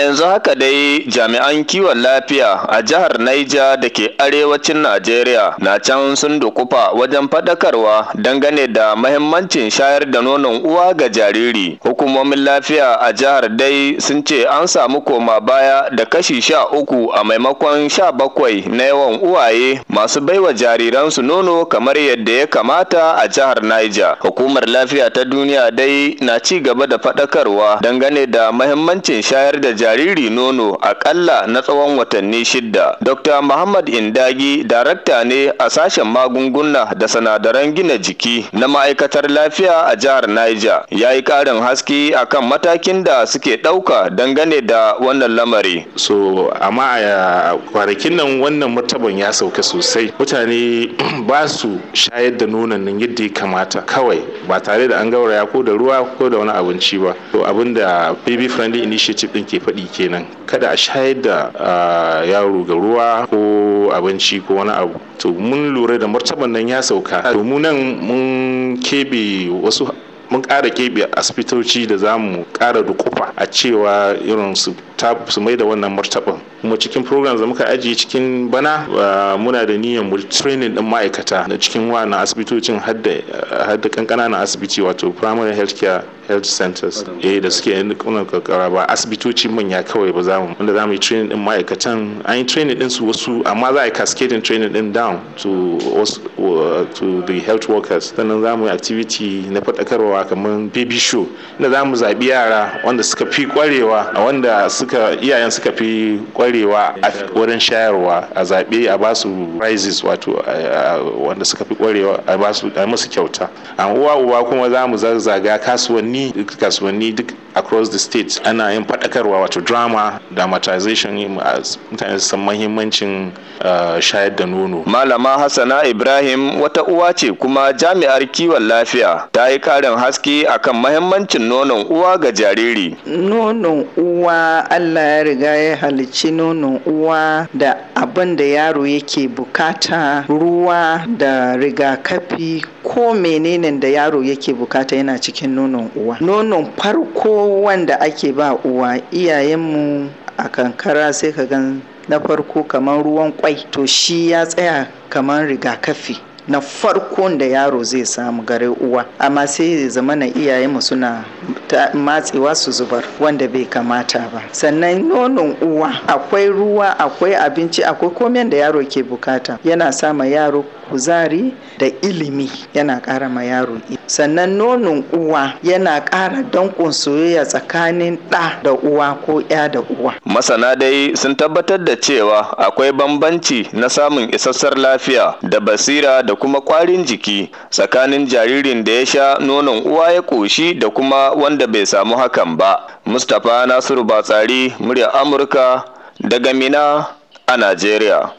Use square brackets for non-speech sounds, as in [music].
yanzu haka dai jami'an kiwon lafiya a jihar Niger da ke arewacin Najeriya na can sun dukufa wajen faɗakarwa dangane da mahimmancin shayar da nonon uwa ga jariri. Hukumomin lafiya a jihar dai sun ce an samu koma baya da kashi sha uku a maimakon sha bakwai na yawan uwaye masu baiwa jariransu nono kamar yadda ya kamata a jihar Niger. Hukumar lafiya ta duniya dai na ci gaba da faɗakarwa dangane da mahimmancin shayar da jariri. jariri nono akalla na tsawon watanni shidda. Dr. Muhammad Indagi darakta ne a sashen magunguna da sanadaran gina jiki na ma'aikatar lafiya a jihar Niger. Ya yi ƙarin haske akan matakin da suke ɗauka dangane da wannan lamari. So, amma a kwanakin nan wannan martaban ya sauka sosai. Mutane [clears throat] ba su shayar da nonon nan yadda ya kamata kawai ba tare da an gauraya ko da ruwa ko da wani abinci ba. To abin da Baby Friendly Initiative ɗin ke faɗi daɗi kenan kada a shayar da yaro ga ruwa ko abinci ko wani abu to mun lura da martaban nan ya sauka to mu nan mun keɓe wasu mun ƙara keɓe asibitoci da za mu ƙara dukufa a cewa irin su su mai da wannan martaban kuma cikin program da muka ajiye cikin bana muna da niyyar mu training din ma'aikata na cikin wannan asibitocin hadda kankana na asibiti wato primary health care. health centers eh da suke yan kunan karkara ba asibitoci manya kawai ba za mu. wanda mu yi training din ma'aikatan an yi training din su wasu amma za a yi cascading training din down to uh, to the health workers sannan mu yi activity na faɗakarwa kamar baby show inda mu zaɓi yara wanda suka fi kwarewa a wanda suka iyayen suka fi kwarewa a wurin shayarwa a zaɓe a basu prizes wato wanda suka fi kwarewa a su a musu kyauta amma uwa uwa kuma za mu zazzaga kasuwanni kasuwanni duk kasuwanni duk across the state ana yin faɗakarwa wato drama dramatization mutane su san mahimmancin uh, shayar da nono malama hassana ibrahim wata uwa ce kuma jami'ar kiwon lafiya ta yi karin haske akan mahimmancin nonon uwa ga jariri nonon uwa allah ya riga ya halicci nonon uwa da abin da yaro yake bukata ruwa da rigakafi ko menene da yaro yake bukata yana cikin nonon uwa nonon farko wanda ake ba uwa iyayenmu a kankara sai ka gan na farko kamar ruwan kwai to shi ya tsaya kamar rigakafi na farko da yaro zai samu gare uwa amma sai ya zama na iyayenmu suna matsewa su zubar wanda bai kamata ba sannan nonon uwa akwai ruwa akwai abinci akwai komen da yaro ke bukata yana sama yaro kuzari da ilimi yana ƙara ma yaro sannan nonon uwa yana ƙara danƙon soyayya tsakanin ɗa da uwa ko ya da uwa masana dai sun tabbatar da cewa akwai bambanci na samun isassar lafiya da basira da kuma kwarin jiki tsakanin jaririn da ya sha nonon uwa ya ƙoshi da kuma wanda bai samu hakan ba. Mustapha Nasiru Batsari, murya Amurka daga Mina a Najeriya.